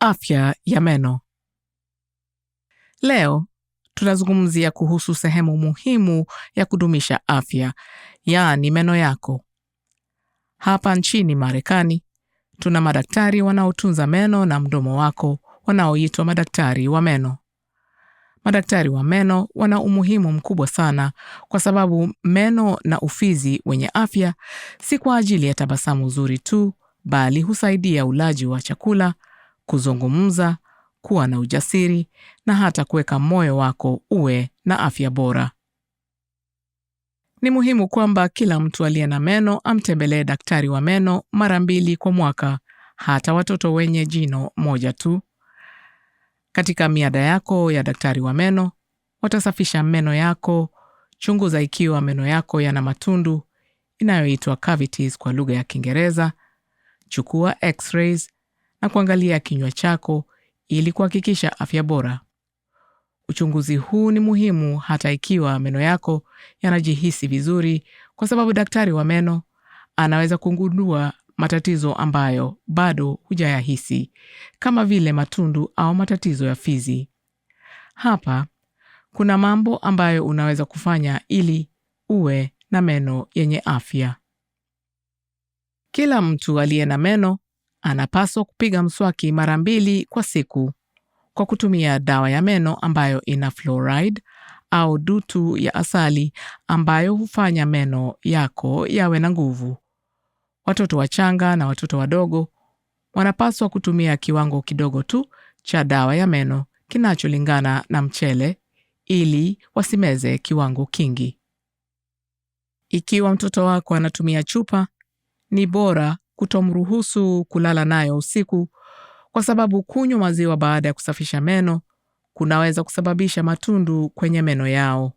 Afya ya meno. Leo tunazungumzia kuhusu sehemu muhimu ya kudumisha afya, yaani meno yako. Hapa nchini Marekani tuna madaktari wanaotunza meno na mdomo wako wanaoitwa madaktari wa meno. Madaktari wa meno wana umuhimu mkubwa sana kwa sababu meno na ufizi wenye afya si kwa ajili ya tabasamu zuri tu, bali husaidia ulaji wa chakula, kuzungumza, kuwa na ujasiri na hata kuweka moyo wako uwe na afya bora. Ni muhimu kwamba kila mtu aliye na meno amtembelee daktari wa meno mara mbili kwa mwaka, hata watoto wenye jino moja tu. Katika miada yako ya daktari wa meno, watasafisha meno yako. Chunguza ikiwa meno yako yana matundu inayoitwa cavities kwa lugha ya Kiingereza. Chukua x-rays na kuangalia kinywa chako ili kuhakikisha afya bora. Uchunguzi huu ni muhimu hata ikiwa meno yako yanajihisi vizuri, kwa sababu daktari wa meno anaweza kugundua matatizo ambayo bado hujayahisi, kama vile matundu au matatizo ya fizi. Hapa kuna mambo ambayo unaweza kufanya ili uwe na meno yenye afya. Kila mtu aliye na meno anapaswa kupiga mswaki mara mbili kwa siku kwa kutumia dawa ya meno ambayo ina fluoride au dutu ya asali ambayo hufanya meno yako yawe na nguvu. Watoto wachanga na watoto wadogo wanapaswa kutumia kiwango kidogo tu cha dawa ya meno kinacholingana na mchele ili wasimeze kiwango kingi. Ikiwa mtoto wako anatumia chupa, ni bora kutomruhusu kulala nayo usiku, kwa sababu kunywa maziwa baada ya kusafisha meno kunaweza kusababisha matundu kwenye meno yao.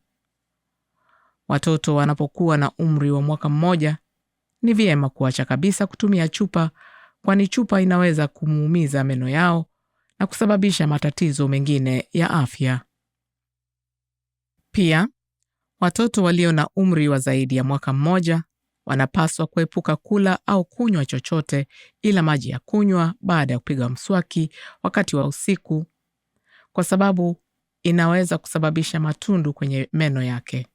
Watoto wanapokuwa na umri wa mwaka mmoja, ni vyema kuacha kabisa kutumia chupa, kwani chupa inaweza kumuumiza meno yao na kusababisha matatizo mengine ya afya. Pia watoto walio na umri wa zaidi ya mwaka mmoja wanapaswa kuepuka kula au kunywa chochote ila maji ya kunywa baada ya kupiga mswaki wakati wa usiku, kwa sababu inaweza kusababisha matundu kwenye meno yake.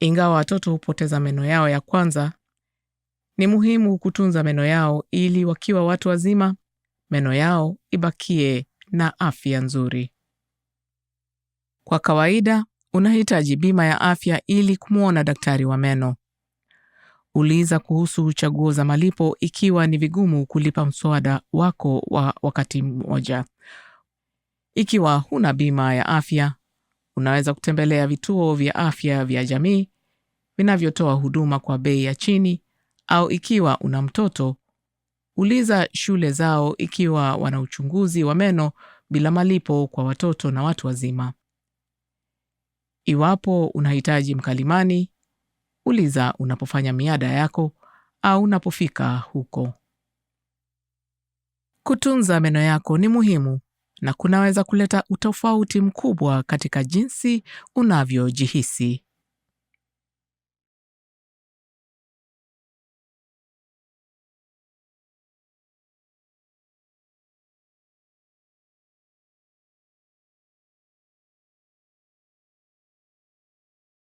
Ingawa watoto hupoteza meno yao ya kwanza, ni muhimu kutunza meno yao ili wakiwa watu wazima, meno yao ibakie na afya nzuri. Kwa kawaida, unahitaji bima ya afya ili kumwona daktari wa meno uliza kuhusu chaguo za malipo ikiwa ni vigumu kulipa mswada wako wa wakati mmoja. Ikiwa huna bima ya afya, unaweza kutembelea vituo vya afya vya jamii vinavyotoa huduma kwa bei ya chini, au ikiwa una mtoto, uliza shule zao ikiwa wana uchunguzi wa meno bila malipo kwa watoto na watu wazima. Iwapo unahitaji mkalimani, uliza unapofanya miada yako au unapofika huko. Kutunza meno yako ni muhimu na kunaweza kuleta utofauti mkubwa katika jinsi unavyojihisi.